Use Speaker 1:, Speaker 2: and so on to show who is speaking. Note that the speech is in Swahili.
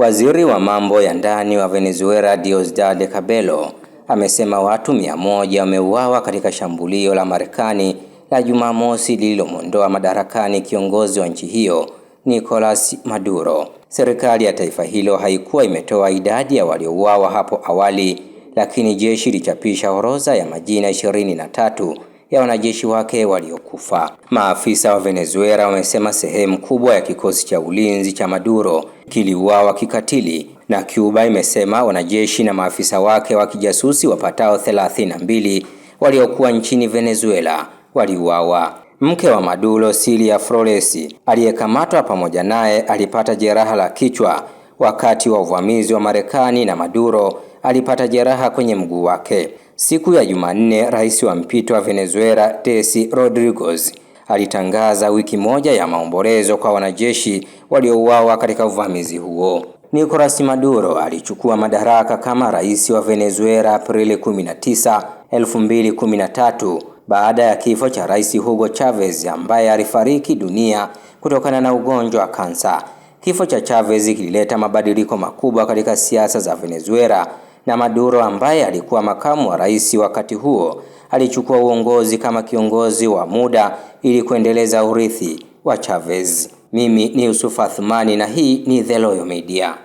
Speaker 1: Waziri wa mambo ya ndani wa Venezuela, Diosdado Cabello, amesema watu mia moja wameuawa katika shambulio la Marekani la Jumamosi lililomwondoa madarakani kiongozi wa nchi hiyo Nicolas Maduro. Serikali ya taifa hilo haikuwa imetoa idadi ya waliouawa hapo awali, lakini jeshi lichapisha orodha ya majina ishirini na tatu ya wanajeshi wake waliokufa. Maafisa wa Venezuela wamesema sehemu kubwa ya kikosi cha ulinzi cha Maduro kiliuawa kikatili, na Cuba imesema wanajeshi na maafisa wake wa kijasusi wapatao 32 waliokuwa nchini Venezuela waliuawa. Mke wa Maduro, silia Flores, aliyekamatwa pamoja naye, alipata jeraha la kichwa wakati wa uvamizi wa Marekani na Maduro alipata jeraha kwenye mguu wake. Siku ya Jumanne, rais wa mpito wa Venezuela Tesi Rodriguez alitangaza wiki moja ya maombolezo kwa wanajeshi waliouawa katika uvamizi huo. Nicolas Maduro alichukua madaraka kama rais wa Venezuela Aprili 19, 2013 baada ya kifo cha Rais Hugo Chavez ambaye alifariki dunia kutokana na ugonjwa wa kansa. Kifo cha Chavez kilileta mabadiliko makubwa katika siasa za Venezuela na Maduro ambaye alikuwa makamu wa rais wakati huo alichukua uongozi kama kiongozi wa muda ili kuendeleza urithi wa Chavez. Mimi ni Yusuf Athmani na hii ni The Loyal Media.